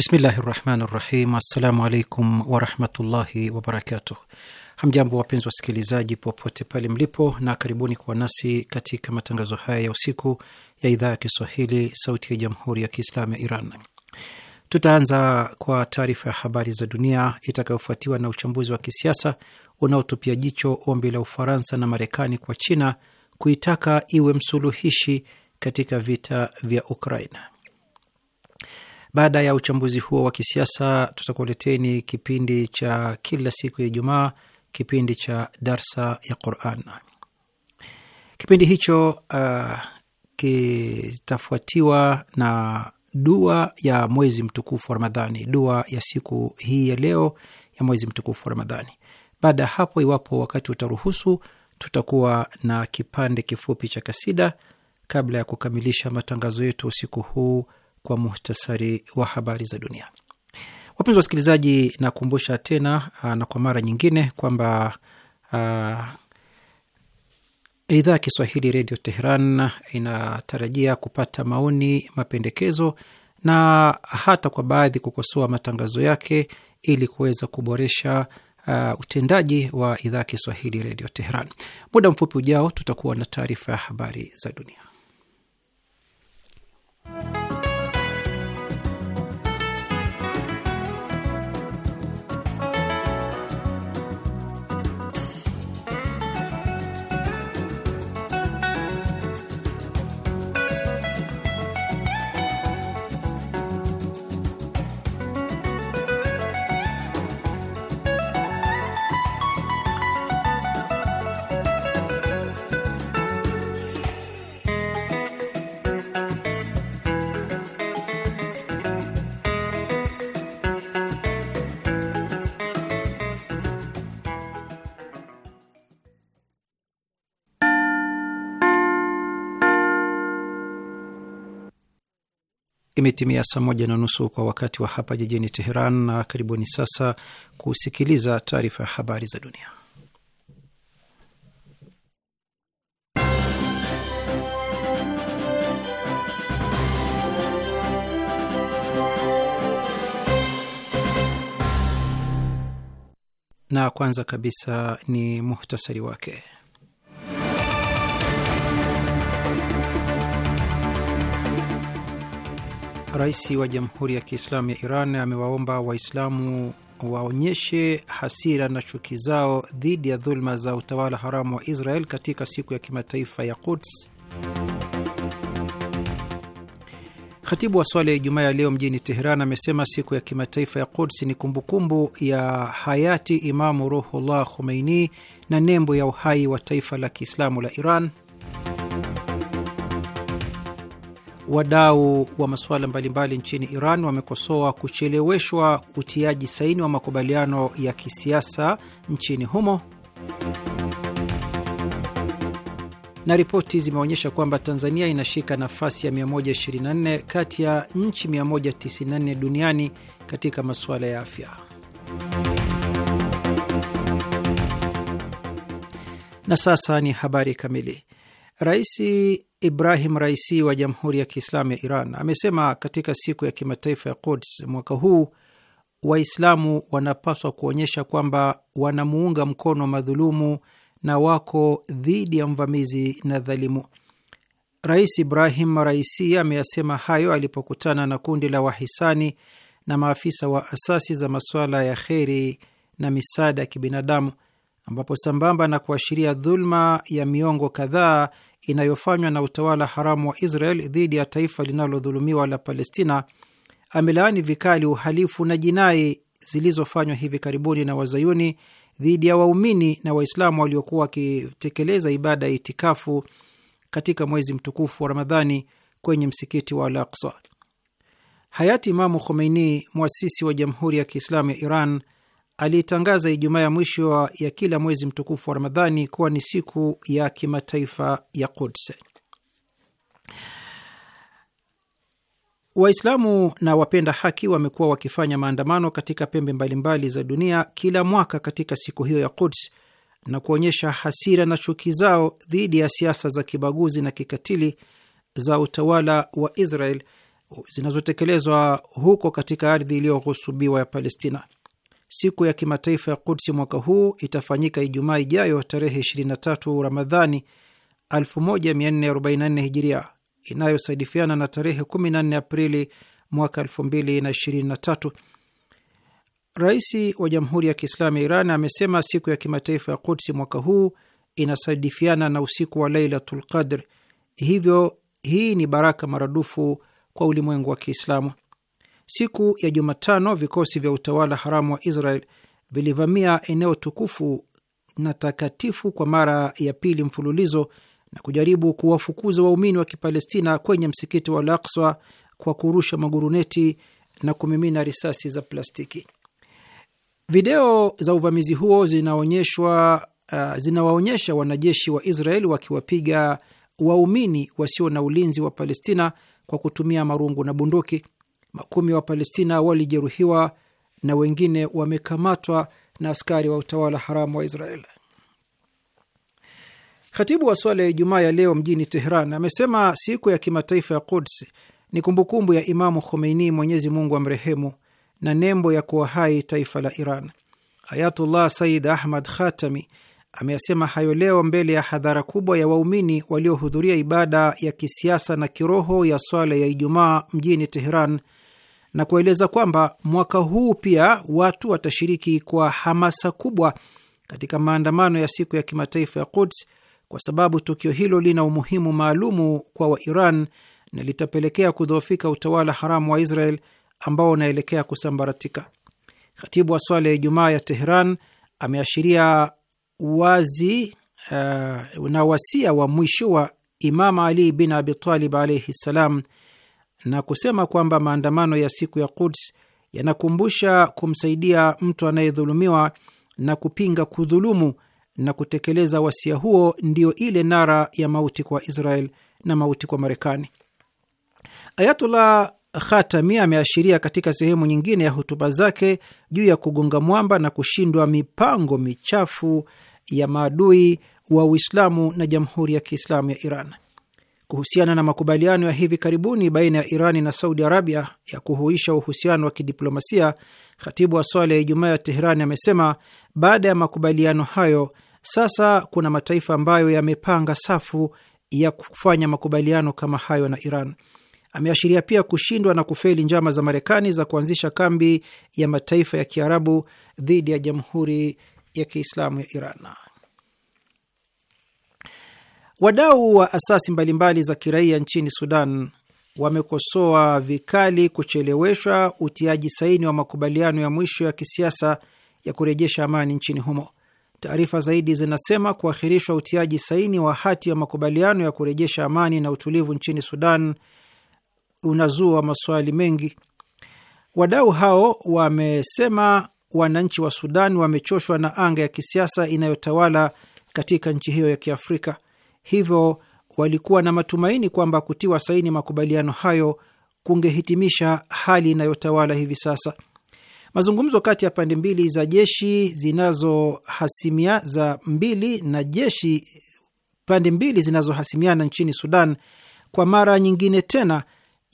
Bismillahi rahmani rahim. Assalamu alaikum warahmatullahi wabarakatuh. Hamjambo wapenzi wasikilizaji, popote pale mlipo, na karibuni kuwa nasi katika matangazo haya ya usiku ya idhaa ya Kiswahili sauti ya jamhuri ya Kiislamu ya Iran. Tutaanza kwa taarifa ya habari za dunia itakayofuatiwa na uchambuzi wa kisiasa unaotupia jicho ombi la Ufaransa na Marekani kwa China kuitaka iwe msuluhishi katika vita vya Ukraina. Baada ya uchambuzi huo wa kisiasa, tutakuleteni kipindi cha kila siku ya Ijumaa, kipindi cha darsa ya Quran. Kipindi hicho uh, kitafuatiwa na dua ya mwezi mtukufu wa Ramadhani, dua ya siku hii ya leo ya mwezi mtukufu wa Ramadhani. Baada ya hapo, iwapo wakati utaruhusu, tutakuwa na kipande kifupi cha kasida kabla ya kukamilisha matangazo yetu usiku huu kwa muhtasari wa habari za dunia. Wapenzi wa wasikilizaji, nakumbusha tena ah, na kwa mara nyingine kwamba uh, idhaa ya Kiswahili Redio Teheran inatarajia kupata maoni, mapendekezo na hata kwa baadhi kukosoa matangazo yake ili kuweza kuboresha uh, utendaji wa idhaa ya Kiswahili Redio Teheran. Muda mfupi ujao tutakuwa na taarifa ya habari za dunia. Imetimia saa moja na nusu kwa wakati wa hapa jijini Teheran, na karibuni sasa kusikiliza taarifa ya habari za dunia. Na kwanza kabisa ni muhtasari wake. Rais wa Jamhuri ya Kiislamu ya Iran amewaomba Waislamu waonyeshe hasira na chuki zao dhidi ya dhuluma za utawala haramu wa Israel katika siku ya kimataifa ya Quds. Khatibu wa swala ya Ijumaa ya leo mjini Teheran amesema siku ya kimataifa ya Quds ni kumbukumbu ya hayati Imamu Ruhullah Khomeini na nembo ya uhai wa taifa la Kiislamu la Iran. Wadau wa masuala mbalimbali nchini Iran wamekosoa kucheleweshwa utiaji saini wa makubaliano ya kisiasa nchini humo, na ripoti zimeonyesha kwamba Tanzania inashika nafasi ya 124 kati ya nchi 194 duniani katika masuala ya afya. Na sasa ni habari kamili. Rais Ibrahim Raisi wa Jamhuri ya Kiislamu ya Iran amesema katika siku ya kimataifa ya Quds mwaka huu Waislamu wanapaswa kuonyesha kwamba wanamuunga mkono madhulumu na wako dhidi ya mvamizi na dhalimu. Rais Ibrahim Raisi ameyasema hayo alipokutana na kundi la wahisani na maafisa wa asasi za masuala ya kheri na misaada ya kibinadamu, ambapo sambamba na kuashiria dhuluma ya miongo kadhaa inayofanywa na utawala haramu wa Israel dhidi ya taifa linalodhulumiwa la Palestina, amelaani vikali uhalifu na jinai zilizofanywa hivi karibuni na wazayuni dhidi ya waumini na Waislamu waliokuwa wakitekeleza ibada ya itikafu katika mwezi mtukufu wa Ramadhani kwenye msikiti wa Al Aksa. Hayati Imamu Khomeini, mwasisi wa Jamhuri ya Kiislamu ya Iran, alitangaza Ijumaa ya mwisho ya kila mwezi mtukufu wa Ramadhani kuwa ni siku ya kimataifa ya Quds. Waislamu na wapenda haki wamekuwa wakifanya maandamano katika pembe mbalimbali za dunia kila mwaka katika siku hiyo ya Quds na kuonyesha hasira na chuki zao dhidi ya siasa za kibaguzi na kikatili za utawala wa Israel zinazotekelezwa huko katika ardhi iliyoghusubiwa ya Palestina. Siku ya kimataifa ya Kudsi mwaka huu itafanyika Ijumaa ijayo tarehe 23 Ramadhani 1444 Hijiria, inayosaidifiana na tarehe 14 Aprili mwaka 2023. Rais wa Jamhuri ya Kiislamu ya Iran amesema siku ya kimataifa ya Kudsi mwaka huu inasadifiana na usiku wa Lailatul Qadr, hivyo hii ni baraka maradufu kwa ulimwengu wa Kiislamu. Siku ya Jumatano, vikosi vya utawala haramu wa Israel vilivamia eneo tukufu na takatifu kwa mara ya pili mfululizo na kujaribu kuwafukuza waumini wa Kipalestina kwenye msikiti wa Al-Aqsa kwa kurusha maguruneti na kumimina risasi za plastiki. Video za uvamizi huo zinaonyeshwa uh, zinawaonyesha wanajeshi wa israel wakiwapiga waumini wasio na ulinzi wa Palestina kwa kutumia marungu na bunduki. Makumi wa Palestina walijeruhiwa na wengine wamekamatwa na askari wa utawala haramu wa Israel. Khatibu wa swala ya Ijumaa ya leo mjini Teheran amesema siku ya kimataifa ya Quds ni kumbukumbu ya Imamu Khomeini, Mwenyezi Mungu wa mrehemu na nembo ya kuwa hai taifa la Iran. Ayatullah Said Ahmad Khatami ameyasema hayo leo mbele ya hadhara kubwa ya waumini waliohudhuria ibada ya kisiasa na kiroho ya swala ya Ijumaa mjini Teheran na kueleza kwamba mwaka huu pia watu watashiriki kwa hamasa kubwa katika maandamano ya siku ya kimataifa ya Quds kwa sababu tukio hilo lina umuhimu maalumu kwa Wairan na litapelekea kudhoofika utawala haramu wa Israel ambao unaelekea kusambaratika. Khatibu wa swala ya Ijumaa ya Teheran ameashiria wazi uh, na wasia wa mwisho wa Imam Ali bin Abitalib alaihi ssalam na kusema kwamba maandamano ya siku ya Quds yanakumbusha kumsaidia mtu anayedhulumiwa na kupinga kudhulumu na kutekeleza wasia huo ndiyo ile nara ya mauti kwa Israel na mauti kwa Marekani. Ayatullah Khatami ameashiria katika sehemu nyingine ya hotuba zake juu ya kugonga mwamba na kushindwa mipango michafu ya maadui wa Uislamu na Jamhuri ya Kiislamu ya Iran kuhusiana na makubaliano ya hivi karibuni baina ya Irani na Saudi Arabia ya kuhuisha uhusiano wa kidiplomasia, khatibu wa swala ya Ijumaa ya Teherani amesema baada ya makubaliano hayo sasa kuna mataifa ambayo yamepanga safu ya kufanya makubaliano kama hayo na Iran. Ameashiria pia kushindwa na kufeli njama za Marekani za kuanzisha kambi ya mataifa ya Kiarabu dhidi ya Jamhuri ya Kiislamu ya Iran. Wadau wa asasi mbalimbali za kiraia nchini Sudan wamekosoa vikali kucheleweshwa utiaji saini wa makubaliano ya mwisho ya kisiasa ya kurejesha amani nchini humo. Taarifa zaidi zinasema kuahirishwa utiaji saini wa hati ya makubaliano ya kurejesha amani na utulivu nchini Sudan unazua maswali mengi. Wadau hao wamesema wananchi wa Sudan wamechoshwa na anga ya kisiasa inayotawala katika nchi hiyo ya Kiafrika hivyo walikuwa na matumaini kwamba kutiwa saini makubaliano hayo kungehitimisha hali inayotawala hivi sasa. Mazungumzo kati ya pande mbili za jeshi zinazohasimia za mbili na jeshi pande mbili zinazohasimiana nchini Sudan kwa mara nyingine tena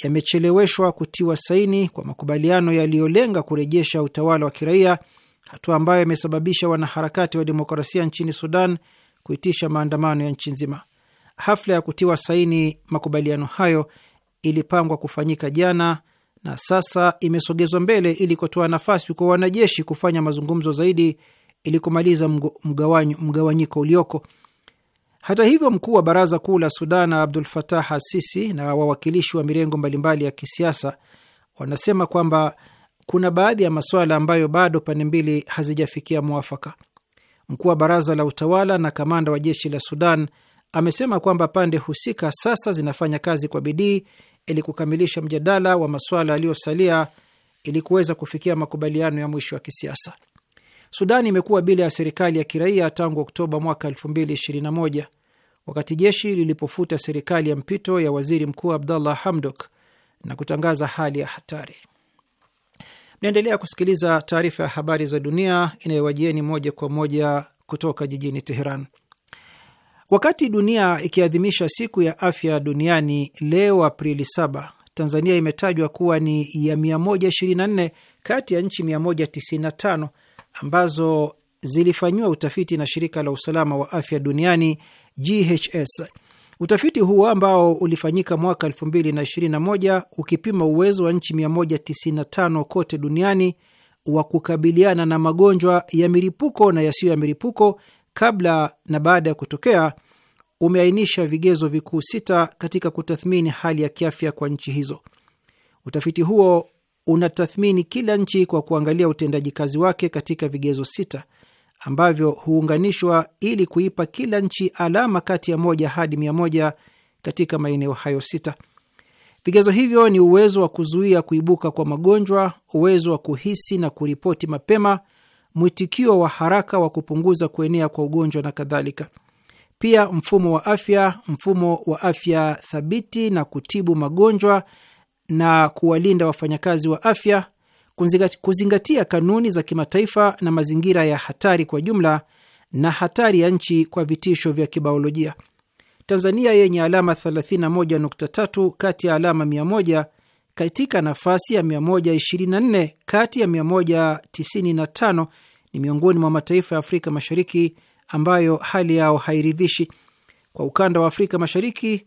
yamecheleweshwa kutiwa saini kwa makubaliano yaliyolenga kurejesha utawala wa kiraia, hatua ambayo imesababisha wanaharakati wa demokrasia nchini Sudan kuitisha maandamano ya nchi nzima. Hafla ya kutiwa saini makubaliano hayo ilipangwa kufanyika jana na sasa imesogezwa mbele ili kutoa nafasi kwa wanajeshi kufanya mazungumzo zaidi ili kumaliza mgawanyiko ulioko. Hata hivyo, mkuu wa baraza kuu la Sudan Abdul Fatah Asisi na wawakilishi wa mirengo mbalimbali ya kisiasa wanasema kwamba kuna baadhi ya masuala ambayo bado pande mbili hazijafikia mwafaka. Mkuu wa baraza la utawala na kamanda wa jeshi la Sudan amesema kwamba pande husika sasa zinafanya kazi kwa bidii ili kukamilisha mjadala wa masuala yaliyosalia ili kuweza kufikia makubaliano ya mwisho ya kisiasa. Sudani imekuwa bila ya serikali ya kiraia tangu Oktoba mwaka 2021 wakati jeshi lilipofuta serikali ya mpito ya waziri mkuu Abdallah Hamdok na kutangaza hali ya hatari. Mnaendelea kusikiliza taarifa ya habari za dunia inayowajieni moja kwa moja kutoka jijini Teheran. Wakati dunia ikiadhimisha siku ya afya duniani leo Aprili 7, Tanzania imetajwa kuwa ni ya 124 kati ya nchi 195 ambazo zilifanyiwa utafiti na shirika la usalama wa afya duniani GHS Utafiti huo ambao ulifanyika mwaka 2021 ukipima uwezo wa nchi 195 kote duniani wa kukabiliana na magonjwa ya milipuko na yasiyo ya milipuko kabla na baada ya kutokea umeainisha vigezo vikuu sita katika kutathmini hali ya kiafya kwa nchi hizo. Utafiti huo unatathmini kila nchi kwa kuangalia utendaji kazi wake katika vigezo sita ambavyo huunganishwa ili kuipa kila nchi alama kati ya moja hadi mia moja katika maeneo hayo sita. Vigezo hivyo ni uwezo wa kuzuia kuibuka kwa magonjwa, uwezo wa kuhisi na kuripoti mapema, mwitikio wa haraka wa kupunguza kuenea kwa ugonjwa na kadhalika. Pia mfumo wa afya, mfumo wa afya thabiti na kutibu magonjwa na kuwalinda wafanyakazi wa afya, kuzingatia kanuni za kimataifa na mazingira ya hatari kwa jumla na hatari ya nchi kwa vitisho vya kibaolojia. Tanzania yenye alama 31.3 kati ya alama 100 katika nafasi ya 124 kati ya 195 ni miongoni mwa mataifa ya Afrika Mashariki ambayo hali yao hairidhishi. Kwa ukanda wa Afrika Mashariki,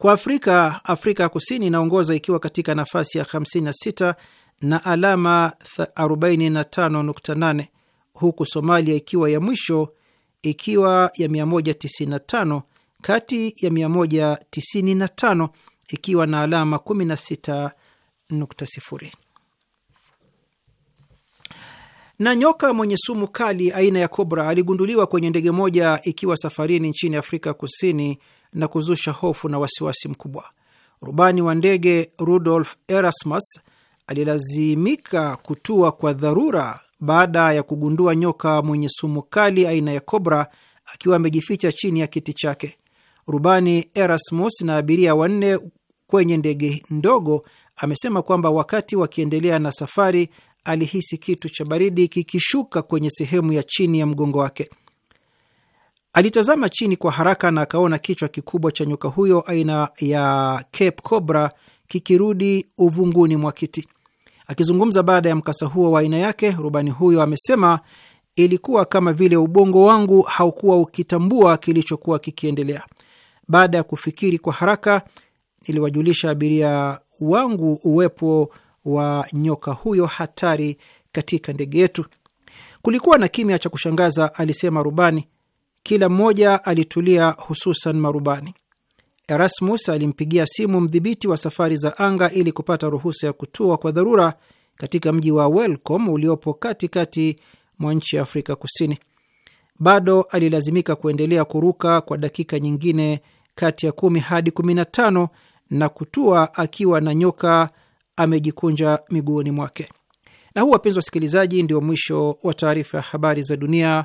Kwa Afrika, Afrika ya Kusini inaongoza ikiwa katika nafasi ya 56 na alama 45.8 huku Somalia ikiwa ya mwisho ikiwa ya 195 kati ya 195 ikiwa na alama 16.0. Na nyoka mwenye sumu kali aina ya kobra aligunduliwa kwenye ndege moja ikiwa safarini nchini Afrika Kusini na kuzusha hofu na wasiwasi mkubwa. Rubani wa ndege Rudolf Erasmus alilazimika kutua kwa dharura baada ya kugundua nyoka mwenye sumu kali aina ya kobra akiwa amejificha chini ya kiti chake. Rubani Erasmus na abiria wanne kwenye ndege ndogo amesema kwamba wakati wakiendelea na safari alihisi kitu cha baridi kikishuka kwenye sehemu ya chini ya mgongo wake. Alitazama chini kwa haraka na akaona kichwa kikubwa cha nyoka huyo aina ya Cape Cobra kikirudi uvunguni mwa kiti. Akizungumza baada ya mkasa huo wa aina yake, rubani huyo amesema ilikuwa kama vile ubongo wangu haukuwa ukitambua kilichokuwa kikiendelea. Baada ya kufikiri kwa haraka, niliwajulisha abiria wangu uwepo wa nyoka huyo hatari katika ndege yetu. Kulikuwa na kimya cha kushangaza, alisema rubani. Kila mmoja alitulia, hususan marubani. Erasmus alimpigia simu mdhibiti wa safari za anga ili kupata ruhusa ya kutua kwa dharura katika mji wa Welcom uliopo katikati mwa nchi ya Afrika Kusini. Bado alilazimika kuendelea kuruka kwa dakika nyingine kati ya kumi hadi kumi na tano na kutua akiwa na nyoka amejikunja miguuni mwake. Na huu, wapenzi wasikilizaji, ndio mwisho wa taarifa ya habari za dunia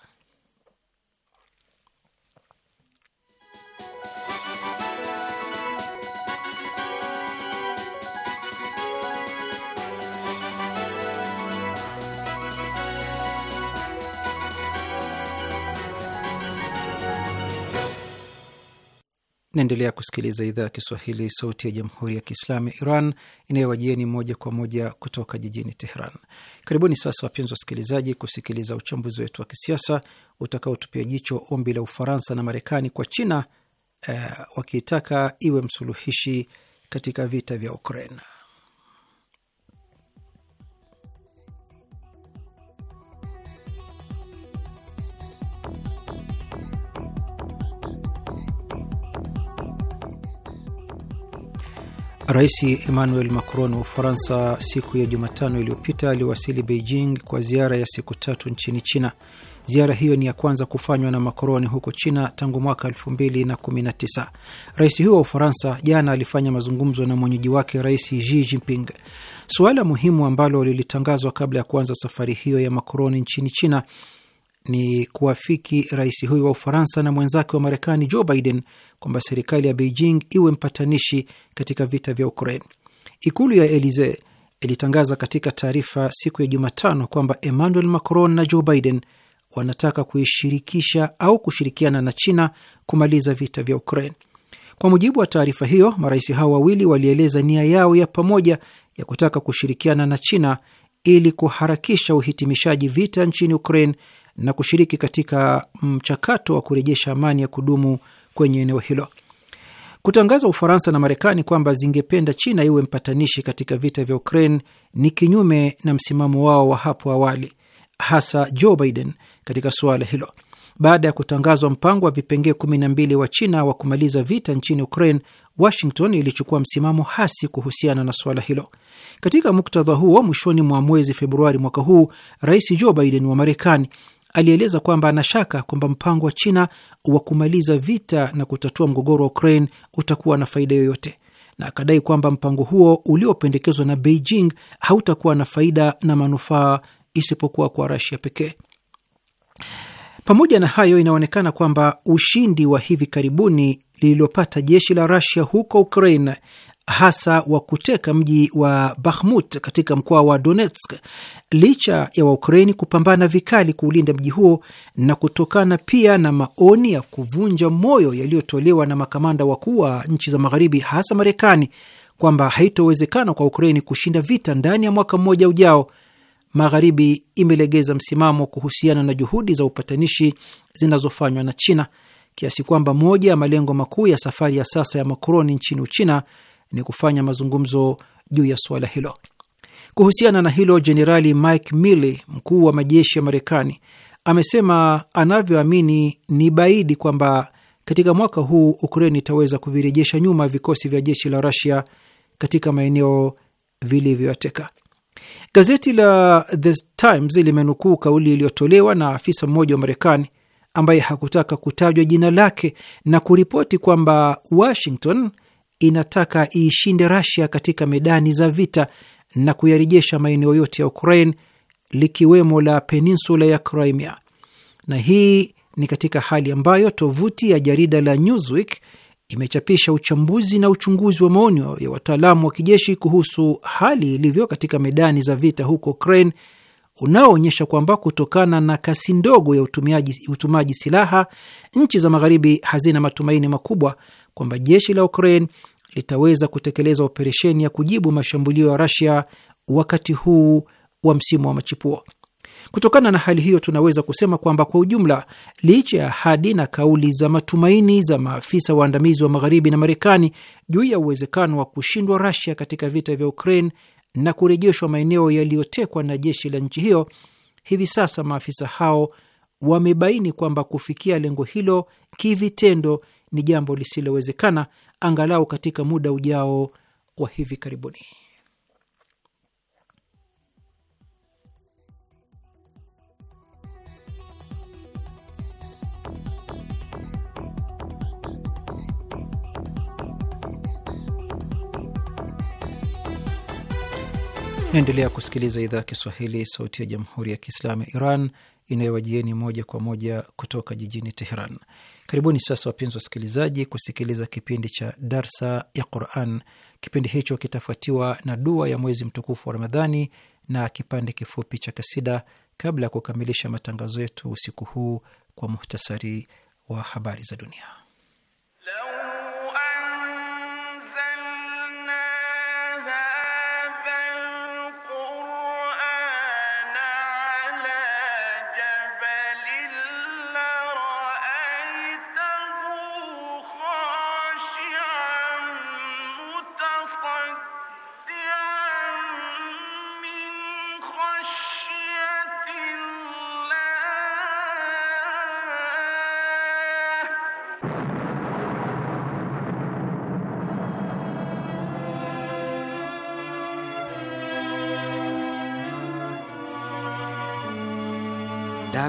Naendelea kusikiliza idhaa ya Kiswahili, sauti ya jamhuri ya kiislamu ya Iran inayowajieni moja kwa moja kutoka jijini Teheran. Karibuni sasa, wapenzi wasikilizaji, kusikiliza uchambuzi wetu wa kisiasa utakaotupia jicho ombi la Ufaransa na Marekani kwa China eh, wakiitaka iwe msuluhishi katika vita vya ukrain Rais Emmanuel Macron wa Ufaransa siku ya Jumatano iliyopita aliwasili Beijing kwa ziara ya siku tatu nchini China. Ziara hiyo ni ya kwanza kufanywa na Macron huko China tangu mwaka 2019. Rais huyo wa Ufaransa jana alifanya mazungumzo na mwenyeji wake Rais Xi Jinping. Suala muhimu ambalo lilitangazwa kabla ya kuanza safari hiyo ya Macron nchini China ni kuwafiki rais huyu wa Ufaransa na mwenzake wa Marekani Joe Biden kwamba serikali ya Beijing iwe mpatanishi katika vita vya Ukraine. Ikulu ya Elisee ilitangaza katika taarifa siku ya Jumatano kwamba Emmanuel Macron na Joe Biden wanataka kuishirikisha au kushirikiana na China kumaliza vita vya Ukraine. Kwa mujibu wa taarifa hiyo, marais hao wawili walieleza nia yao ya pamoja ya kutaka kushirikiana na China ili kuharakisha uhitimishaji vita nchini Ukraine na kushiriki katika mchakato wa kurejesha amani ya kudumu kwenye eneo hilo. Kutangaza Ufaransa na Marekani kwamba zingependa China iwe mpatanishi katika vita vya Ukraine ni kinyume na msimamo wao wa hapo awali, hasa Joe Biden katika suala hilo. Baada ya kutangazwa mpango wa vipengee b wa China wa kumaliza vita nchini Ukraine, Washington ilichukua msimamo hasi kuhusiana na suala hilo. Katika muktadha huo, mwishoni mwa mwezi Februari mwaka huu, Rais Joe Biden wa Marekani alieleza kwamba anashaka kwamba mpango wa China wa kumaliza vita na kutatua mgogoro wa Ukraine utakuwa na faida yoyote, na akadai kwamba mpango huo uliopendekezwa na Beijing hautakuwa na faida na manufaa isipokuwa kwa Rasia pekee. Pamoja na hayo, inaonekana kwamba ushindi wa hivi karibuni lililopata jeshi la Rasia huko Ukraine hasa wa kuteka mji wa Bakhmut katika mkoa wa Donetsk, licha ya Waukraini kupambana vikali kuulinda mji huo na kutokana pia na maoni ya kuvunja moyo yaliyotolewa na makamanda wakuu wa nchi za Magharibi, hasa Marekani, kwamba haitowezekana kwa Ukraini kushinda vita ndani ya mwaka mmoja ujao. Magharibi imelegeza msimamo kuhusiana na juhudi za upatanishi zinazofanywa na China kiasi kwamba moja ya malengo makuu ya safari ya sasa ya Macron nchini Uchina ni kufanya mazungumzo juu ya suala hilo. Kuhusiana na hilo, Jenerali Mike Milley, mkuu wa majeshi ya Marekani, amesema anavyoamini ni baidi kwamba katika mwaka huu Ukraine itaweza kuvirejesha nyuma vikosi vya jeshi la Rusia katika maeneo vilivyoyateka. Gazeti la The Times limenukuu kauli iliyotolewa na afisa mmoja wa Marekani ambaye hakutaka kutajwa jina lake na kuripoti kwamba Washington inataka iishinde Rasia katika medani za vita na kuyarejesha maeneo yote ya Ukraine likiwemo la peninsula ya Crimea. Na hii ni katika hali ambayo tovuti ya jarida la Newsweek imechapisha uchambuzi na uchunguzi wa maoni ya wataalamu wa kijeshi kuhusu hali ilivyo katika medani za vita huko Ukraine unaoonyesha kwamba kutokana na kasi ndogo ya utumiaji, utumaji silaha, nchi za magharibi hazina matumaini makubwa kwamba jeshi la Ukraine litaweza kutekeleza operesheni ya kujibu mashambulio ya Rasia wakati huu wa msimu wa machipuo. Kutokana na hali hiyo, tunaweza kusema kwamba kwa ujumla, licha ya ahadi na kauli za matumaini za maafisa waandamizi wa Magharibi na Marekani juu ya uwezekano wa kushindwa Rasia katika vita vya Ukraine na kurejeshwa maeneo yaliyotekwa na jeshi la nchi hiyo, hivi sasa maafisa hao wamebaini kwamba kufikia lengo hilo kivitendo ni jambo lisilowezekana angalau katika muda ujao wa hivi karibuni. Naendelea kusikiliza idhaa ya Kiswahili, sauti ya jamhuri ya kiislamu ya Iran inayowajieni moja kwa moja kutoka jijini Teheran. Karibuni sasa wapenzi wasikilizaji, kusikiliza kipindi cha darsa ya Quran. Kipindi hicho kitafuatiwa na dua ya mwezi mtukufu wa Ramadhani na kipande kifupi cha kasida, kabla ya kukamilisha matangazo yetu usiku huu kwa muhtasari wa habari za dunia.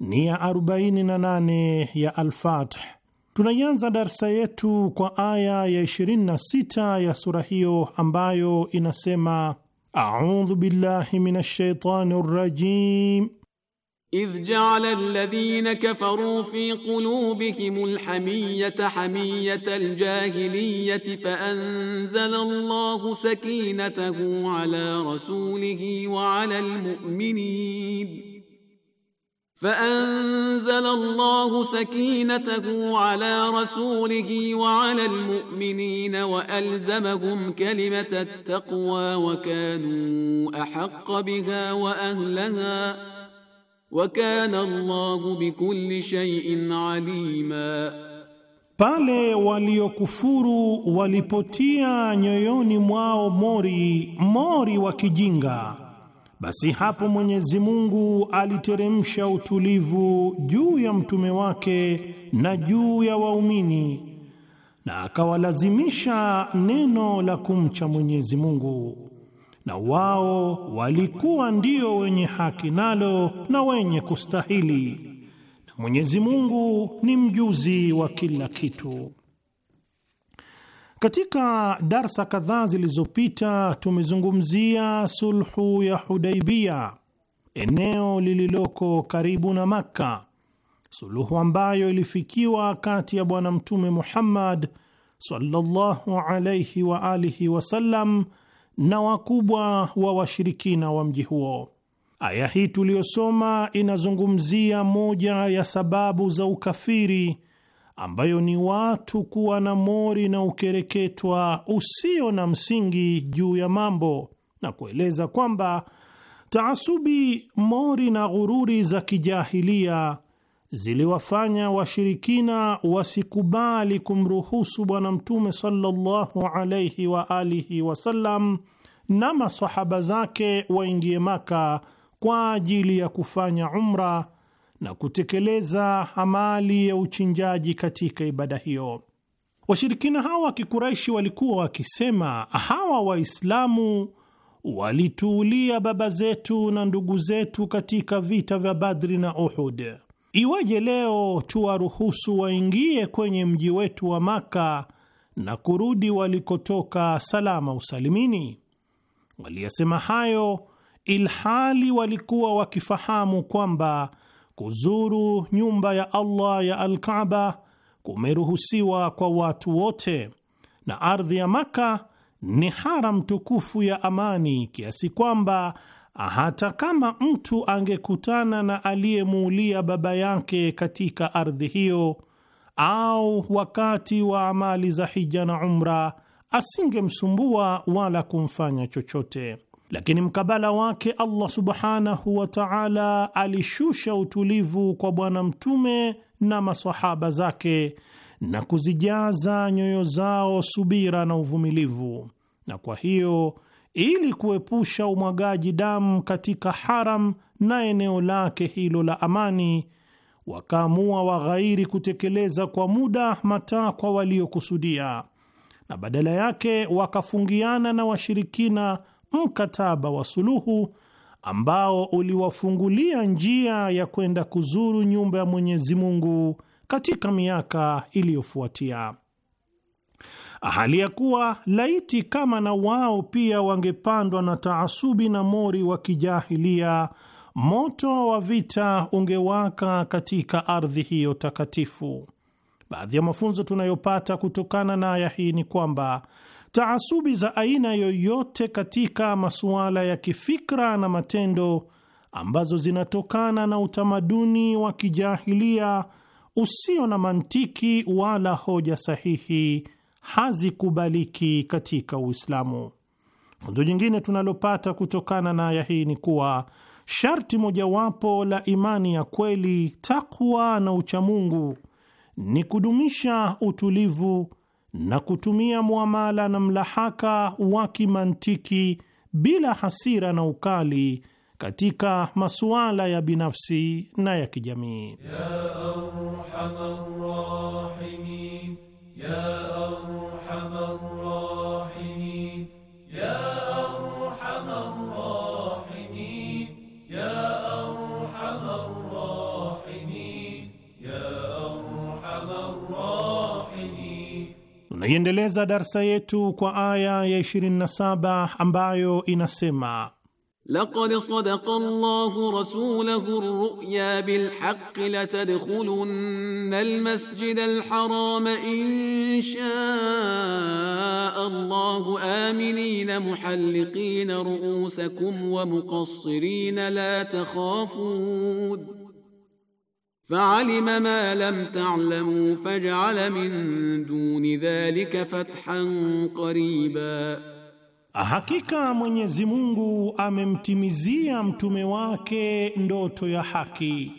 ni ya 48 ya Al-Fath. Tunaianza darsa yetu kwa aya ya 26 ya sura hiyo ambayo inasema a'udhu billahi minash shaitani rrajim إذ جعل الذين كفروا في قلوبهم الحمية حمية الجاهلية فأنزل الله سكينته على رسوله وعلى المؤمنين فأنزل الله سكينته على رسوله وعلى المؤمنين وألزمهم كلمة التقوى وكانوا أحق بها وأهلها وكان الله بكل شيء عليما Pale waliokufuru walipotia nyoyoni mwao mori mori wa kijinga basi hapo Mwenyezi Mungu aliteremsha utulivu juu ya mtume wake na juu ya waumini na akawalazimisha neno la kumcha Mwenyezi Mungu, na wao walikuwa ndio wenye haki nalo na wenye kustahili, na Mwenyezi Mungu ni mjuzi wa kila kitu. Katika darsa kadhaa zilizopita tumezungumzia sulhu ya Hudaibia, eneo lililoko karibu na Makka, suluhu ambayo ilifikiwa kati ya Bwana Mtume Muhammad sallallahu alayhi wa alihi wasallam na wakubwa wa washirikina wa mji huo. Aya hii tuliyosoma inazungumzia moja ya sababu za ukafiri ambayo ni watu kuwa na mori na ukereketwa usio na msingi juu ya mambo, na kueleza kwamba taasubi, mori na ghururi za kijahilia ziliwafanya washirikina wasikubali kumruhusu Bwana Mtume sallallahu alaihi wa alihi wasallam na masahaba zake waingie Maka kwa ajili ya kufanya umra na kutekeleza amali ya uchinjaji katika ibada hiyo. Washirikina hawa wa Kikuraishi walikuwa wakisema, hawa Waislamu walituulia baba zetu na ndugu zetu katika vita vya Badri na Uhud, iwaje leo tuwaruhusu waingie kwenye mji wetu wa Maka na kurudi walikotoka salama usalimini? Waliyasema hayo ilhali walikuwa wakifahamu kwamba kuzuru nyumba ya Allah ya Al-Kaaba kumeruhusiwa kwa watu wote, na ardhi ya Maka ni haram tukufu ya amani, kiasi kwamba hata kama mtu angekutana na aliyemuulia baba yake katika ardhi hiyo au wakati wa amali za hija na umra, asingemsumbua wala kumfanya chochote. Lakini mkabala wake Allah subhanahu wa taala alishusha utulivu kwa Bwana Mtume na masahaba zake na kuzijaza nyoyo zao subira na uvumilivu, na kwa hiyo ili kuepusha umwagaji damu katika haram na eneo lake hilo la amani, wakaamua waghairi kutekeleza kwa muda matakwa waliokusudia, na badala yake wakafungiana na washirikina mkataba wa suluhu ambao uliwafungulia njia ya kwenda kuzuru nyumba ya Mwenyezi Mungu katika miaka iliyofuatia, hali ya kuwa laiti kama na wao pia wangepandwa na taasubi na mori wa kijahilia, moto wa vita ungewaka katika ardhi hiyo takatifu. Baadhi ya mafunzo tunayopata kutokana na aya hii ni kwamba Taasubi za aina yoyote katika masuala ya kifikra na matendo ambazo zinatokana na utamaduni wa kijahilia usio na mantiki wala hoja sahihi hazikubaliki katika Uislamu. Funzo jingine tunalopata kutokana na aya hii ni kuwa sharti mojawapo la imani ya kweli, takwa na uchamungu, ni kudumisha utulivu na kutumia muamala na mlahaka wa kimantiki bila hasira na ukali katika masuala ya binafsi na ya kijamii ya tunaiendeleza darsa yetu kwa aya ya 27 ambayo inasema Laqad sadaqa Allahu rasulahu ar-ru'ya bil haqqi latadkhulunna al-masjid al-haram in sha'a Allahu aminina muhalliqina ru'usakum wa muqassirina la takhafun faalima ma lam ta'lamu faj'ala min duni dhalika fathan qariba, hakika Mwenyezi Mungu amemtimizia mtume wake ndoto ya haki.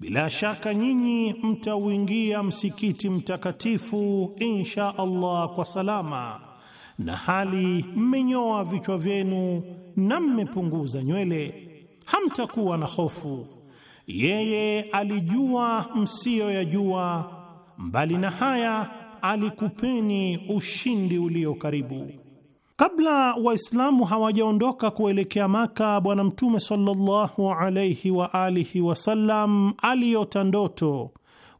Bila shaka nyinyi mtauingia msikiti mtakatifu insha Allah kwa salama, na hali mmenyoa vichwa vyenu na mmepunguza nywele, hamtakuwa na hofu yeye alijua msiyoyajua, mbali na haya alikupeni ushindi ulio karibu. Kabla Waislamu hawajaondoka kuelekea Maka, Bwana Mtume sallallahu alaihi wa alihi wasallam aliota ndoto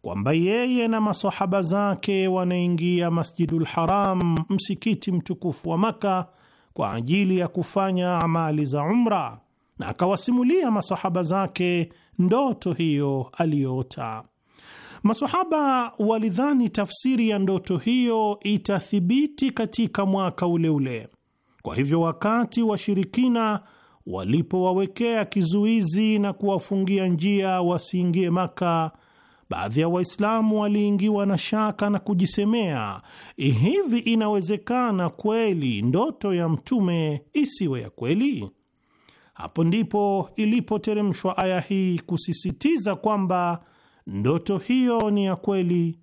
kwamba yeye na masahaba zake wanaingia Masjidul Haram, msikiti mtukufu wa Maka, kwa ajili ya kufanya amali za umra na akawasimulia masahaba zake ndoto hiyo aliyoota. Masahaba walidhani tafsiri ya ndoto hiyo itathibiti katika mwaka ule ule. Kwa hivyo, wakati washirikina walipowawekea kizuizi na kuwafungia njia wasiingie Maka, baadhi ya Waislamu waliingiwa na shaka na kujisemea, hivi inawezekana kweli ndoto ya Mtume isiwe ya kweli? Hapo ndipo ilipoteremshwa aya hii kusisitiza kwamba ndoto hiyo ni ya kweli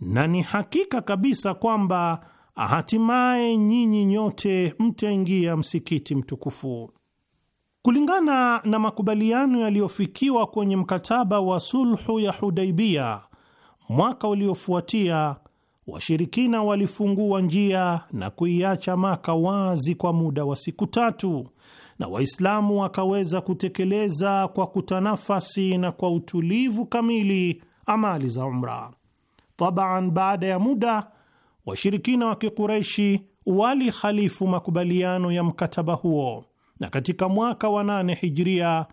na ni hakika kabisa kwamba hatimaye nyinyi nyote mtaingia msikiti mtukufu. Kulingana na makubaliano yaliyofikiwa kwenye mkataba wa sulhu ya Hudaibia mwaka uliofuatia, washirikina walifungua njia na kuiacha Maka wazi kwa muda wa siku tatu na Waislamu wakaweza kutekeleza kwa kutanafasi na kwa utulivu kamili amali za umra. Taban, baada ya muda washirikina wa Kikureshi walihalifu makubaliano ya mkataba huo, na katika mwaka wa nane Hijiria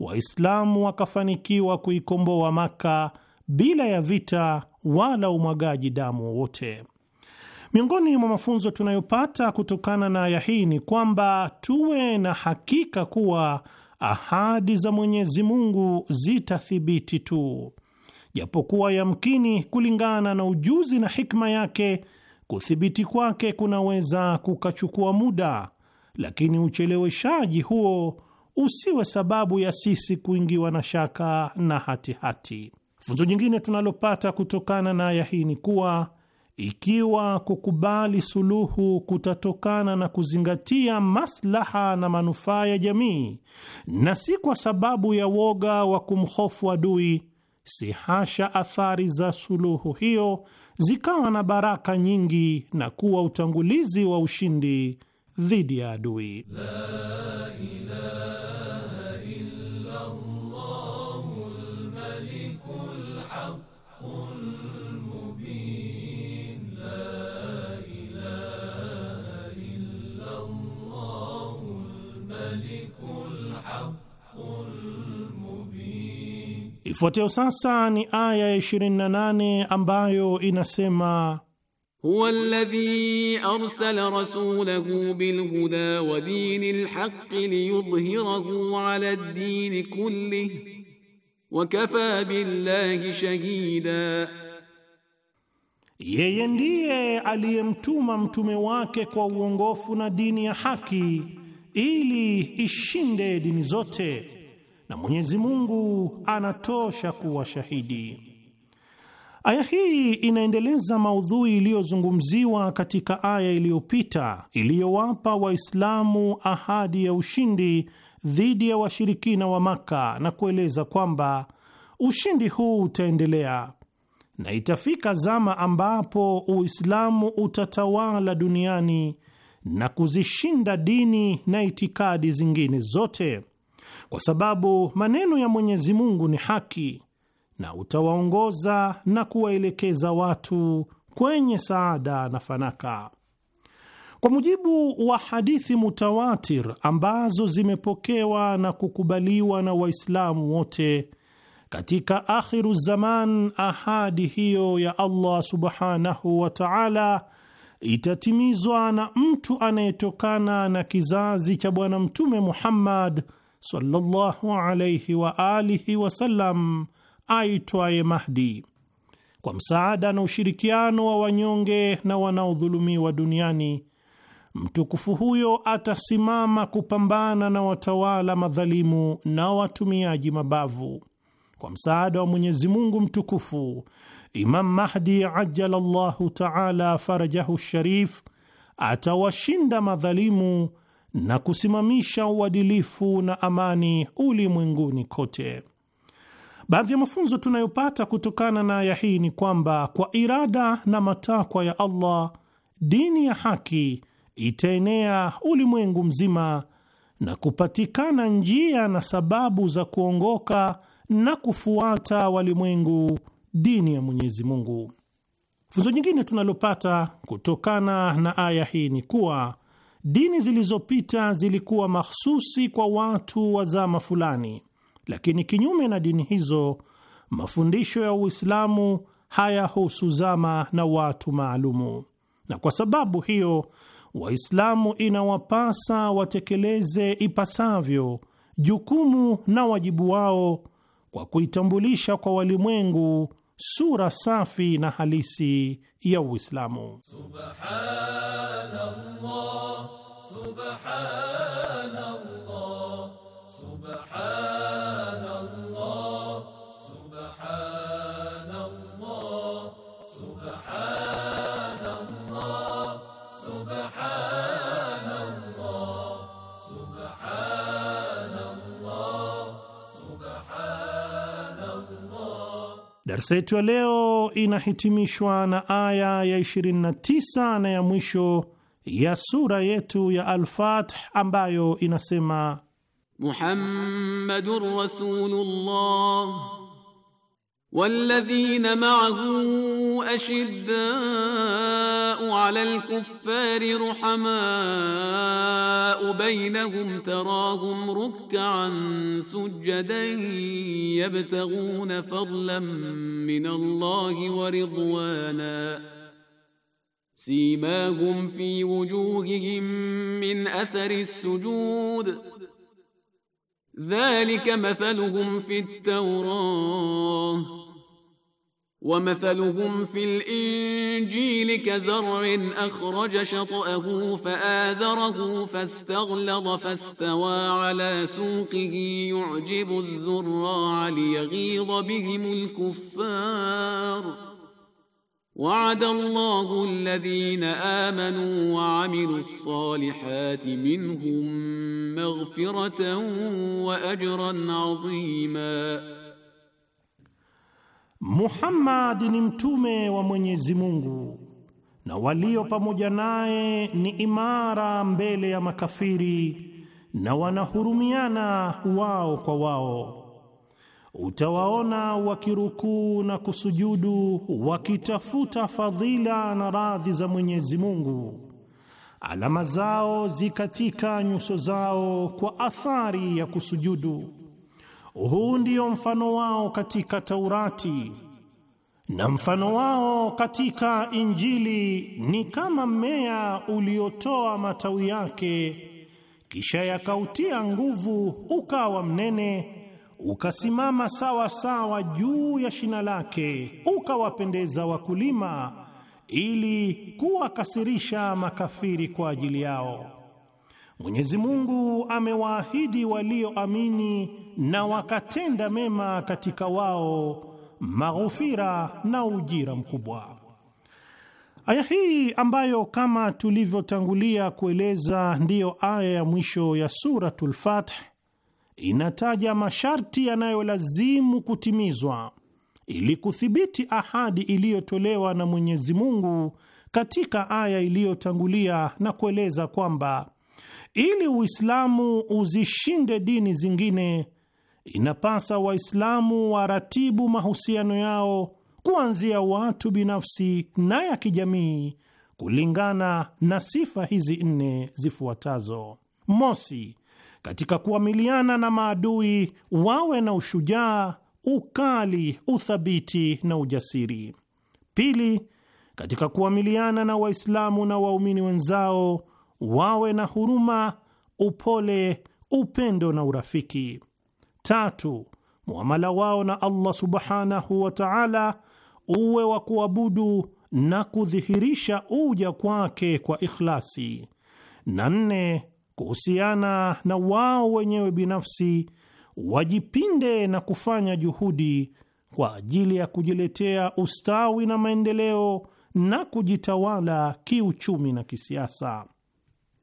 Waislamu wakafanikiwa kuikomboa wa bila ya vita wala umwagaji damu wowote. Miongoni mwa mafunzo tunayopata kutokana na aya hii ni kwamba tuwe na hakika kuwa ahadi za Mwenyezi Mungu zitathibiti tu, japokuwa yamkini, kulingana na ujuzi na hikma yake, kuthibiti kwake kunaweza kukachukua muda, lakini ucheleweshaji huo usiwe sababu ya sisi kuingiwa na shaka na hatihati Funzo jingine tunalopata kutokana na aya hii ni kuwa ikiwa kukubali suluhu kutatokana na kuzingatia maslaha na manufaa ya jamii na si kwa sababu ya woga wa kumhofu adui, si hasha, athari za suluhu hiyo zikawa na baraka nyingi na kuwa utangulizi wa ushindi dhidi ya adui La ilaha Ifuatayo sasa ni aya ya 28 ambayo inasema huwa alladhi arsala rasulahu bilhuda wa dinil haqqi liyudhhirahu ala ad-dini kullihi wa kafa billahi shahida, yeye ndiye aliyemtuma mtume wake kwa uongofu na dini ya haki ili ishinde dini zote na Mwenyezi Mungu anatosha kuwa shahidi. Aya hii inaendeleza maudhui iliyozungumziwa katika aya iliyopita iliyowapa Waislamu ahadi ya ushindi dhidi ya washirikina wa Maka na kueleza kwamba ushindi huu utaendelea na itafika zama ambapo Uislamu utatawala duniani na kuzishinda dini na itikadi zingine zote kwa sababu maneno ya Mwenyezi Mungu ni haki na utawaongoza na kuwaelekeza watu kwenye saada na fanaka. Kwa mujibu wa hadithi mutawatir ambazo zimepokewa na kukubaliwa na Waislamu wote katika akhiru zaman, ahadi hiyo ya Allah subhanahu wa ta'ala itatimizwa na mtu anayetokana na kizazi cha Bwana Mtume Muhammad sallallahu alayhi wa alihi aitwaye Mahdi kwa msaada na ushirikiano wa wanyonge na wanaodhulumiwa duniani, mtukufu huyo atasimama kupambana na watawala madhalimu na watumiaji mabavu. Kwa msaada wa Mwenyezi Mungu mtukufu, Imam Mahdi ajalallahu taala farajahu sharif atawashinda madhalimu na kusimamisha uadilifu na amani ulimwenguni kote. Baadhi ya mafunzo tunayopata kutokana na aya hii ni kwamba kwa irada na matakwa ya Allah, dini ya haki itaenea ulimwengu mzima na kupatikana njia na sababu za kuongoka na kufuata walimwengu dini ya Mwenyezi Mungu. Funzo nyingine tunalopata kutokana na aya hii ni kuwa Dini zilizopita zilikuwa mahsusi kwa watu wa zama fulani, lakini kinyume na dini hizo, mafundisho ya Uislamu hayahusu zama na watu maalumu, na kwa sababu hiyo Waislamu inawapasa watekeleze ipasavyo jukumu na wajibu wao kwa kuitambulisha kwa walimwengu sura safi na halisi ya Uislamu. Subhanallah, subhanallah, subhanallah. Darsa yetu ya leo inahitimishwa na aya ya 29 na ya mwisho ya sura yetu ya Al-Fath ambayo inasema Muhammadur Rasulullah والذين معه أشداء على الكفار رحماء بينهم تراهم ركعا سجدا يبتغون فضلا من الله ورضوانا سيماهم في وجوههم من أثر السجود ذلك مثلهم في التوراه ومثلهم في الإنجيل كزرع أخرج شطأه فآزره فاستغلظ فاستوى على سوقه يعجب الزراع ليغيظ بهم الكفار وعد الله الذين آمنوا وعملوا الصالحات منهم مغفرة وأجرا عظيماً Muhammad ni mtume wa Mwenyezi Mungu na walio pamoja naye ni imara mbele ya makafiri na wanahurumiana wao kwa wao. Utawaona wakirukuu na kusujudu wakitafuta fadhila na radhi za Mwenyezi Mungu. Alama zao zikatika nyuso zao kwa athari ya kusujudu. Huu ndio mfano wao katika Taurati na mfano wao katika Injili ni kama mmea uliotoa matawi yake kisha yakautia nguvu, ukawa mnene, ukasimama sawa sawa juu ya shina lake, ukawapendeza wakulima ili kuwakasirisha makafiri kwa ajili yao. Mwenyezi Mungu amewaahidi walioamini na wakatenda mema katika wao maghufira na ujira mkubwa. Aya hii ambayo kama tulivyotangulia kueleza ndiyo aya ya mwisho ya Suratul Fath inataja masharti yanayolazimu kutimizwa ili kuthibiti ahadi iliyotolewa na Mwenyezi Mungu katika aya iliyotangulia na kueleza kwamba ili Uislamu uzishinde dini zingine, inapasa Waislamu waratibu mahusiano yao kuanzia watu binafsi na ya kijamii kulingana na sifa hizi nne zifuatazo. Mosi, katika kuamiliana na maadui wawe na ushujaa, ukali, uthabiti na ujasiri. Pili, katika kuamiliana na Waislamu na waumini wenzao wawe na huruma, upole, upendo na urafiki. Tatu, muamala wao na Allah subhanahu wa ta'ala uwe wa kuabudu na kudhihirisha uja kwake kwa ikhlasi. Na nne, kuhusiana na wao wenyewe binafsi wajipinde na kufanya juhudi kwa ajili ya kujiletea ustawi na maendeleo na kujitawala kiuchumi na kisiasa.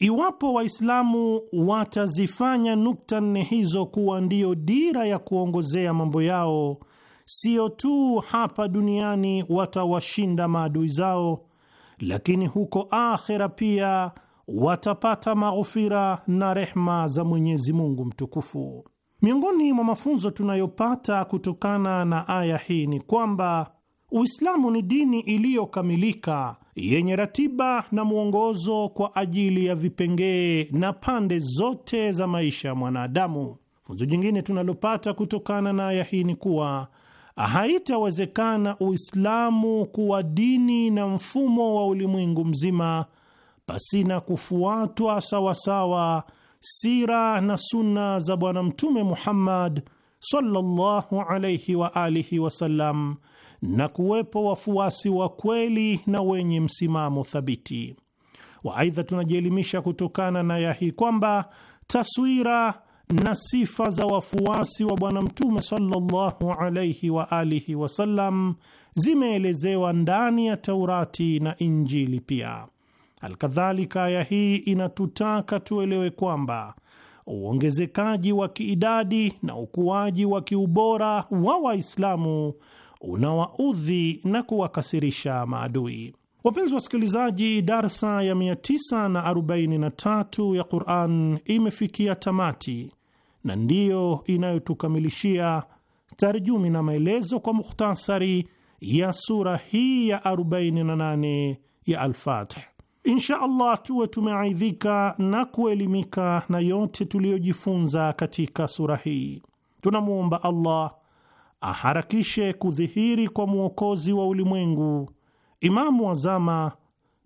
Iwapo Waislamu watazifanya nukta nne hizo kuwa ndiyo dira ya kuongozea mambo yao, sio tu hapa duniani watawashinda maadui zao, lakini huko akhera pia watapata maghufira na rehma za Mwenyezi Mungu Mtukufu. Miongoni mwa mafunzo tunayopata kutokana na aya hii ni kwamba Uislamu ni dini iliyokamilika yenye ratiba na mwongozo kwa ajili ya vipengee na pande zote za maisha ya mwanadamu. Funzo jingine tunalopata kutokana na aya hii ni kuwa haitawezekana Uislamu kuwa dini na mfumo wa ulimwengu mzima pasina kufuatwa sawasawa sira na sunna za Bwana Mtume Muhammad sallallahu alaihi wa alihi wasallam na kuwepo wafuasi wa kweli na wenye msimamo thabiti wa. Aidha, tunajielimisha kutokana na ya hii kwamba taswira na sifa za wafuasi wa Bwana Mtume sallallahu alaihi wa alihi wasallam zimeelezewa ndani ya Taurati na Injili pia. Alkadhalika, aya hii inatutaka tuelewe kwamba uongezekaji wa kiidadi na ukuaji wa kiubora wa Waislamu unawaudhi na kuwakasirisha maadui. Wapenzi wasikilizaji, darsa ya 943 ya Quran imefikia tamati na ndiyo inayotukamilishia tarjumi na maelezo kwa mukhtasari ya sura hii ya 48 ya Alfath. Insha Allah tuwe tumeaidhika na kuelimika na yote tuliyojifunza katika sura hii. Tunamwomba Allah aharakishe kudhihiri kwa mwokozi wa ulimwengu, Imamu wazama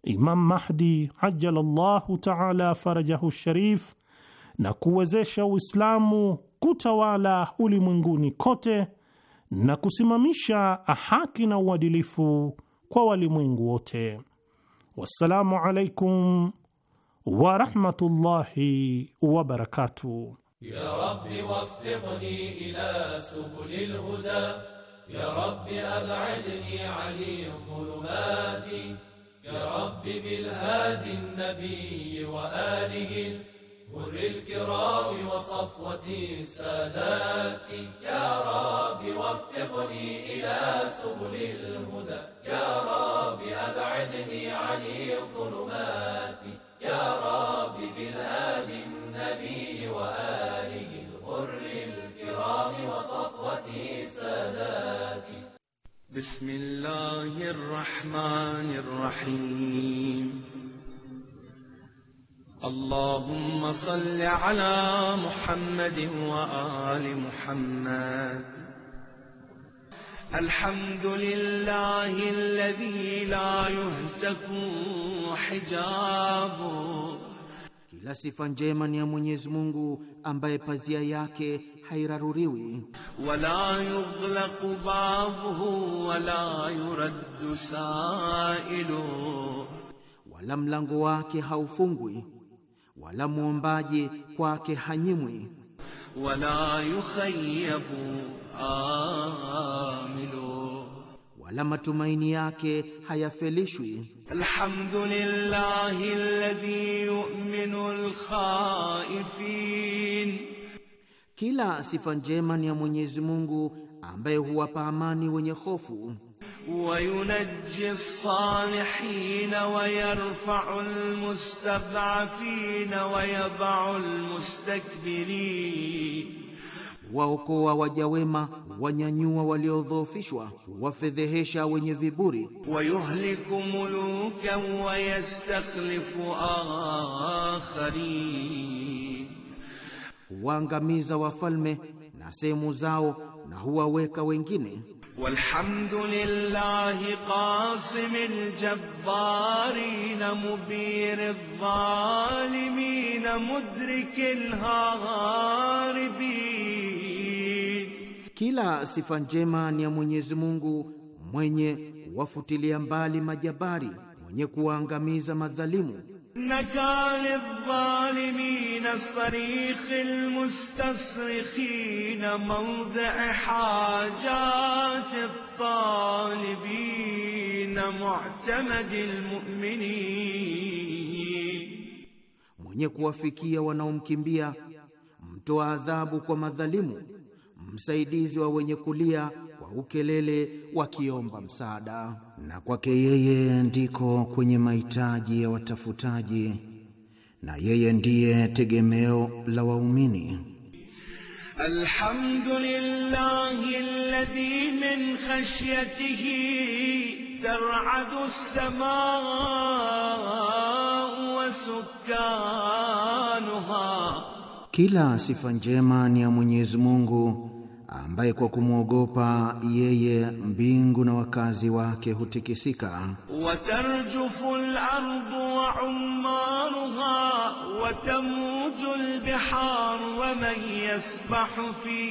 Imam Mahdi ajalallahu taala farajahu sharif, na kuwezesha Uislamu kutawala ulimwenguni kote na kusimamisha haki na uadilifu kwa walimwengu wote. Wassalamu alaikum warahmatullahi wabarakatuh. يا رب وفقني إلى سبل الهدى يا رب أبعدني عن الظلمات يا رب بالهادي النبي وآله هر الكرام وصفوة السادات يا رب وفقني إلى سبل الهدى يا رب أبعدني عن الظلمات يا رب بالهادي النبي وآله الغر الكرام وصفوة السادات بسم الله الرحمن الرحيم اللهم صل على محمد وآل محمد الحمد لله الذي لا يهتك حجابه la sifa njema ni ya Mwenyezi Mungu ambaye pazia yake hairaruriwi. wala yughlaqu babuhu wala yuraddu sailu, wala mlango wake haufungwi wala muombaji kwake hanyimwi. wala yukhayyabu amilu wala matumaini yake hayafelishwi. Alhamdulillahi alladhi yu'minu alkhaifin, kila sifa njema ni ya Mwenyezi Mungu ambaye huwapa amani wenye hofu. Wayunajji as-salihin wa yarfa'u al-mustad'afin wa yadh'u al-mustakbirin waokoa waja wema, wanyanyua waliodhoofishwa, wafedhehesha wenye viburi. Wayuhliku akharin, wafalme na sehemu zao na huwaweka wengine. Walhamdulillahi qasimil mudrikil kila sifa njema ni ya Mwenyezi Mungu mwenye wafutilia mbali majabari, mwenye kuwaangamiza madhalimu. Mwenye kuwafikia wanaomkimbia, mtoa adhabu kwa madhalimu msaidizi wa wenye kulia kwa ukelele wakiomba msaada, na kwake yeye ndiko kwenye mahitaji ya watafutaji, na yeye ndiye tegemeo la waumini. Alhamdulillahi alladhi min khashyatihi tar'adu as samaau wa sukanuha, kila sifa njema ni ya Mwenyezi Mungu ambaye kwa kumwogopa yeye mbingu na wakazi wake hutikisika. watarjufu al wa ummaruha wa tamuju al wa man yasbahu fi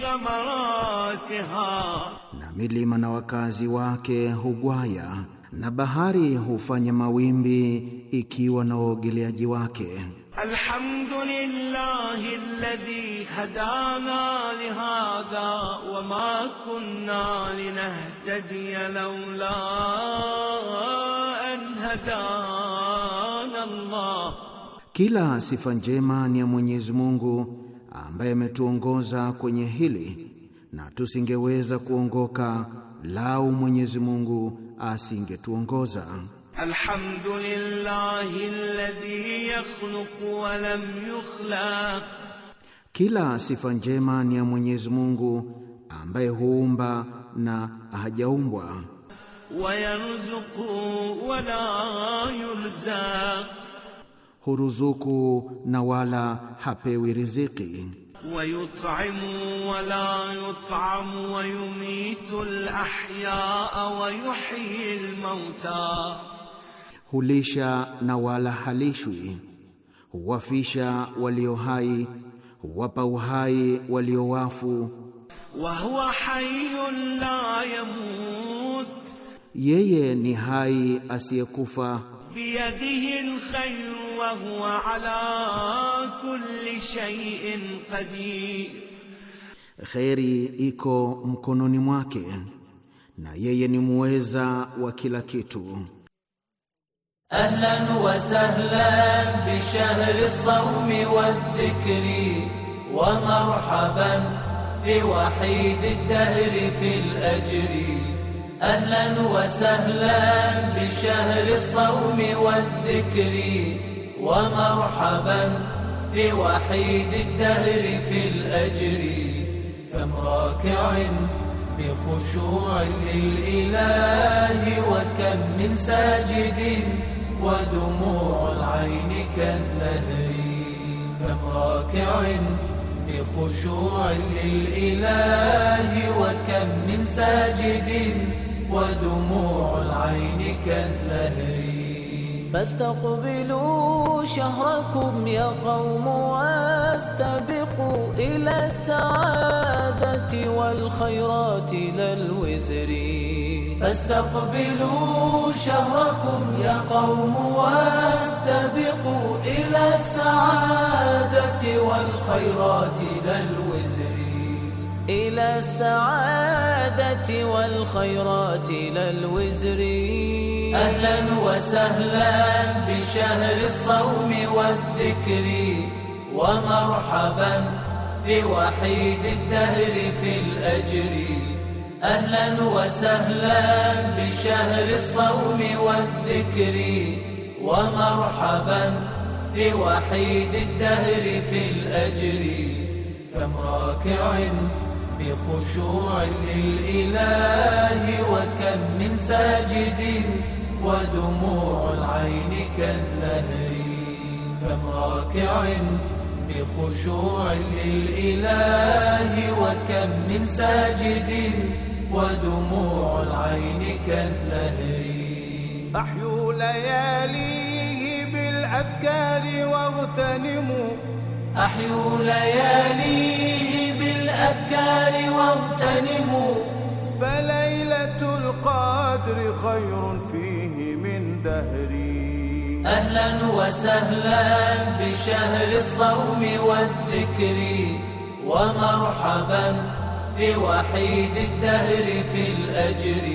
ghamaratiha, na milima na wakazi wake hugwaya na bahari hufanya mawimbi ikiwa na waogeleaji wake. الحمد لله الذي هدانا لهذا وما كنا لنهتدي لولا أن هدانا الله Kila sifa njema ni ya Mwenyezi Mungu ambaye ametuongoza kwenye hili na tusingeweza kuongoka lau Mwenyezi Mungu asingetuongoza. الحمد لله الذي يخلق ولم يخلق yukhlaq, kila sifa njema ni ya Mwenyezi Mungu ambaye huumba na hajaumbwa. Wayarzuqu wala la yurzaq, huruzuku na wala hapewi riziki. Wayut'imu wala yut'amu, wayumitu al-ahyaa wa yuhyi al-mautaa hulisha na wala halishwi, huwafisha walio hai, huwapa uhai walio wafu. Wa huwa hayyun la yamut, yeye ni hai asiyekufa. Biyadihi alkhayr wa huwa ala kulli shay'in qadir, kheri iko mkononi mwake na yeye ni muweza wa kila kitu. أهلا وسهلا بشهر الصوم والذكر ومرحبا بوحيد الدهر في الأجر أهلا وسهلا بشهر الصوم والذكر ومرحبا بوحيد الدهر في الأجر كم راكع بخشوع للإله وكم من ساجد ودموع العين كالنهر كم راكع بخشوع للإله وكم من ساجد ودموع العين كالنهر فاستقبلوا شهركم يا قوم واستبقوا إلى السعادة والخيرات للوزرين فاستقبلوا شهركم يا قوم واستبقوا إلى السعادة والخيرات لا الوزر إلى السعادة والخيرات لا الوزر أهلا وسهلا بشهر الصوم والذكر ومرحبا بوحيد الدهر في الأجر أهلا وسهلا بشهر الصوم والذكر ومرحبا بوحيد الدهر في الأجر كم راكع بخشوع للإله وكم من ساجد ودموع العين كالنهر كم راكع بخشوع للإله وكم من ساجد ودموع العين كالنهر أحيوا لياليه بالأذكار واغتنموا أحيوا لياليه بالأذكار واغتنموا فليلة القدر خير فيه من دهري أهلا وسهلا بشهر الصوم والذكر ومرحبا لوحيد الدهر في الأجر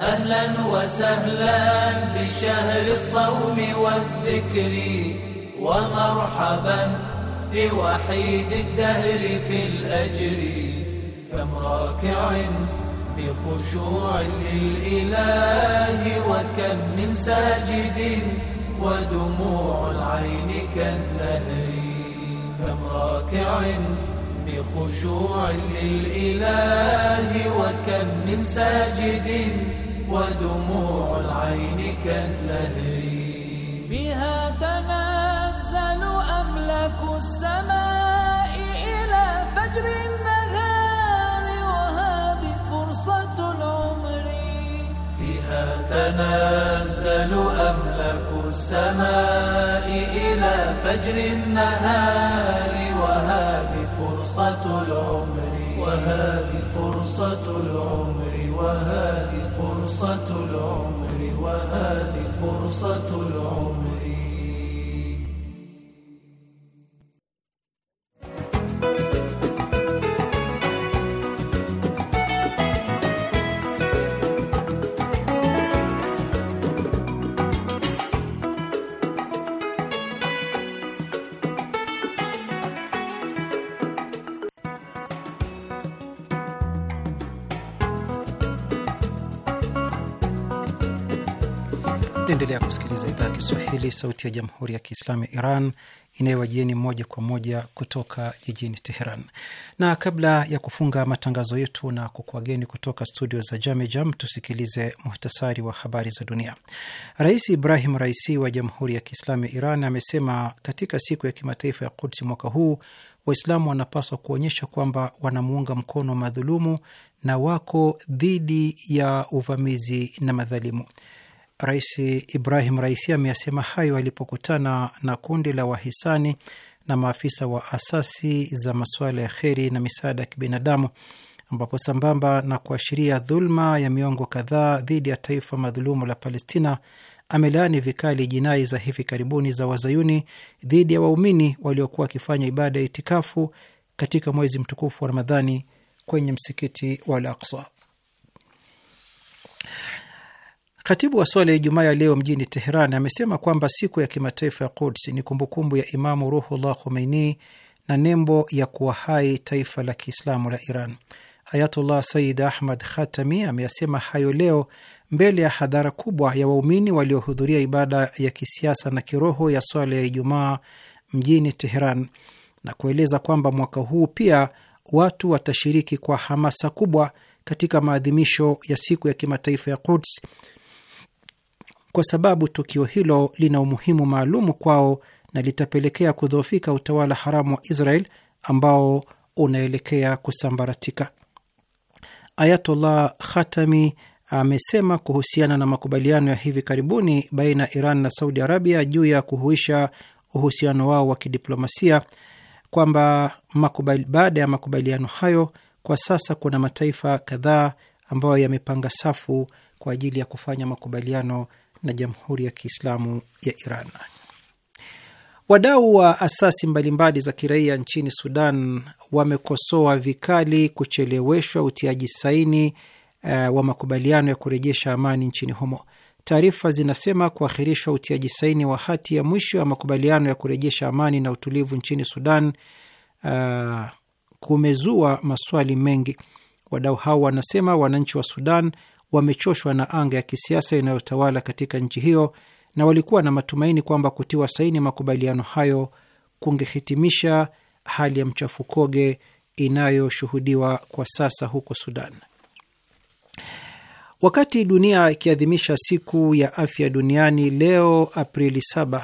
أهلا وسهلا بشهر الصوم والذكر ومرحبا بوحيد الدهر في الأجر كم راكع بخشوع للإله وكم من ساجد ودموع العين كالنهر كم راكع بخشوع للإله وكم من ساجد ودموع العين كالنهر فيها تنزل أملك السماء إلى فجر النهار وهذه فرصة العمر فيها تنزل أملك السماء إلى فجر النهار وهذه فرصة العمر وهذه فرصة العمر وهذه فرصة العمر وهذه فرصة العمر Kiswahili, sauti ya jamhuri ya kiislamu ya Iran inayowajieni moja kwa moja kutoka jijini Teheran. Na kabla ya kufunga matangazo yetu na kukuageni kutoka studio za Jamejam, tusikilize muhtasari wa habari za dunia. Rais Ibrahim Raisi wa Jamhuri ya Kiislamu ya Iran amesema katika siku ya kimataifa ya Kudsi mwaka huu Waislamu wanapaswa kuonyesha kwamba wanamuunga mkono madhulumu na wako dhidi ya uvamizi na madhalimu. Rais Ibrahim Raisi ameyasema hayo alipokutana na kundi la wahisani na maafisa wa asasi za masuala ya kheri na misaada ya kibinadamu ambapo sambamba na kuashiria dhuluma ya miongo kadhaa dhidi ya taifa madhulumu la Palestina, amelaani vikali jinai za hivi karibuni za wazayuni dhidi ya waumini waliokuwa wakifanya ibada ya itikafu katika mwezi mtukufu wa Ramadhani kwenye msikiti wa Al-Aqsa. Katibu wa swala ya Ijumaa ya leo mjini Teheran amesema kwamba siku ya kimataifa ya Quds ni kumbukumbu ya Imamu Ruhullah Khomeini na nembo ya kuwa hai taifa la Kiislamu la Iran. Ayatullah Sayyid Ahmad Khatami ameyasema hayo leo mbele ya hadhara kubwa ya waumini waliohudhuria ibada ya kisiasa na kiroho ya swala ya Ijumaa mjini Teheran na kueleza kwamba mwaka huu pia watu watashiriki kwa hamasa kubwa katika maadhimisho ya siku ya kimataifa ya Quds kwa sababu tukio hilo lina umuhimu maalumu kwao na litapelekea kudhoofika utawala haramu wa Israel ambao unaelekea kusambaratika. Ayatollah Khatami amesema kuhusiana na makubaliano ya hivi karibuni baina ya Iran na Saudi Arabia juu ya kuhuisha uhusiano wao wa kidiplomasia kwamba baada ya makubaliano hayo, kwa sasa kuna mataifa kadhaa ambayo yamepanga safu kwa ajili ya kufanya makubaliano na Jamhuri ya Kiislamu ya Iran. Wadau wa asasi mbalimbali za kiraia nchini Sudan wamekosoa vikali kucheleweshwa utiaji saini uh, wa makubaliano ya kurejesha amani nchini humo. Taarifa zinasema kuahirishwa utiaji saini wa hati ya mwisho ya makubaliano ya kurejesha amani na utulivu nchini Sudan uh, kumezua maswali mengi. Wadau hao wanasema wananchi wa Sudan wamechoshwa na anga ya kisiasa inayotawala katika nchi hiyo na walikuwa na matumaini kwamba kutiwa saini makubaliano hayo kungehitimisha hali ya mchafukoge inayoshuhudiwa kwa sasa huko Sudan. Wakati dunia ikiadhimisha siku ya afya duniani leo Aprili 7,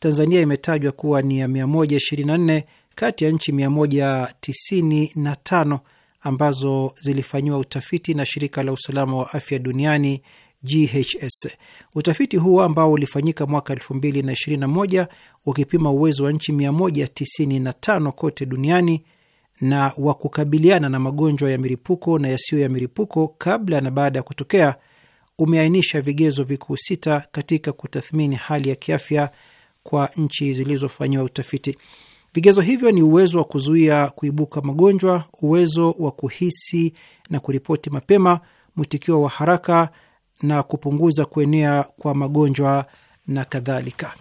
Tanzania imetajwa kuwa ni ya 124 kati ya nchi 195 ambazo zilifanyiwa utafiti na shirika la usalama wa afya duniani GHS. Utafiti huo ambao ulifanyika mwaka 2021 ukipima uwezo wa nchi 195 kote duniani na wa kukabiliana na magonjwa ya milipuko na yasiyo ya milipuko kabla na baada ya kutokea, umeainisha vigezo vikuu sita katika kutathmini hali ya kiafya kwa nchi zilizofanyiwa utafiti. Vigezo hivyo ni uwezo wa kuzuia kuibuka magonjwa, uwezo wa kuhisi na kuripoti mapema, mwitikio wa haraka na kupunguza kuenea kwa magonjwa na kadhalika.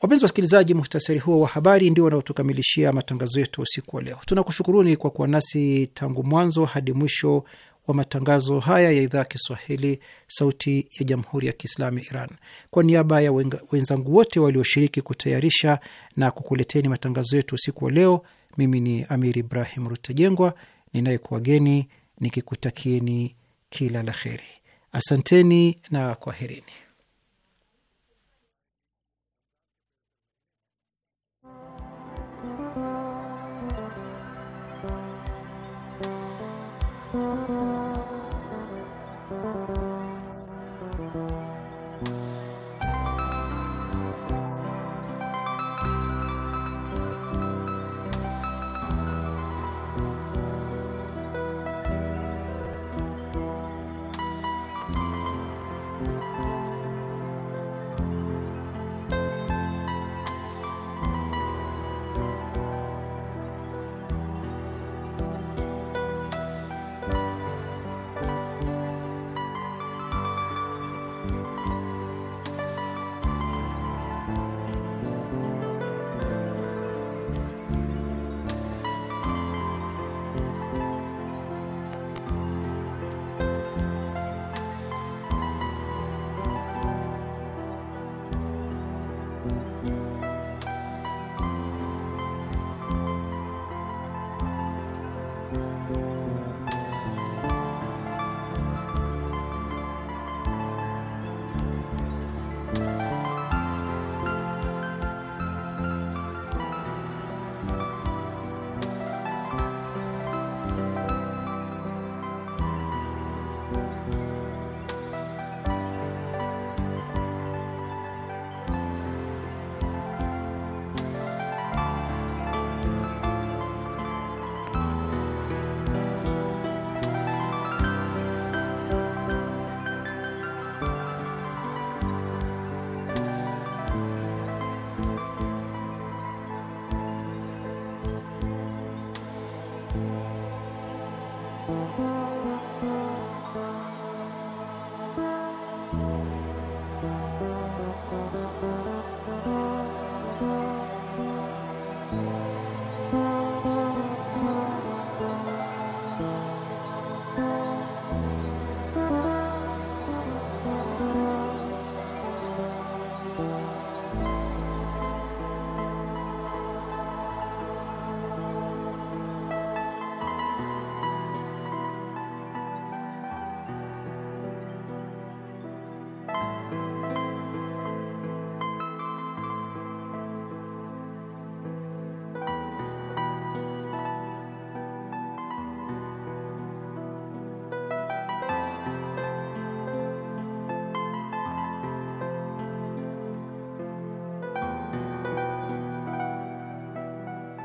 Wapenzi wasikilizaji, muhtasari huo wa habari ndio wanaotukamilishia matangazo yetu usiku wa leo. Tunakushukuruni kwa kuwa nasi tangu mwanzo hadi mwisho wa matangazo haya ya idhaa Kiswahili sauti ya jamhuri ya Kiislamu ya Iran. Kwa niaba ya wenzangu wote walioshiriki kutayarisha na kukuleteni matangazo yetu usiku wa leo, mimi ni Amir Ibrahim Rutajengwa ninayekuwageni nikikutakieni kila la heri. Asanteni na kwaherini.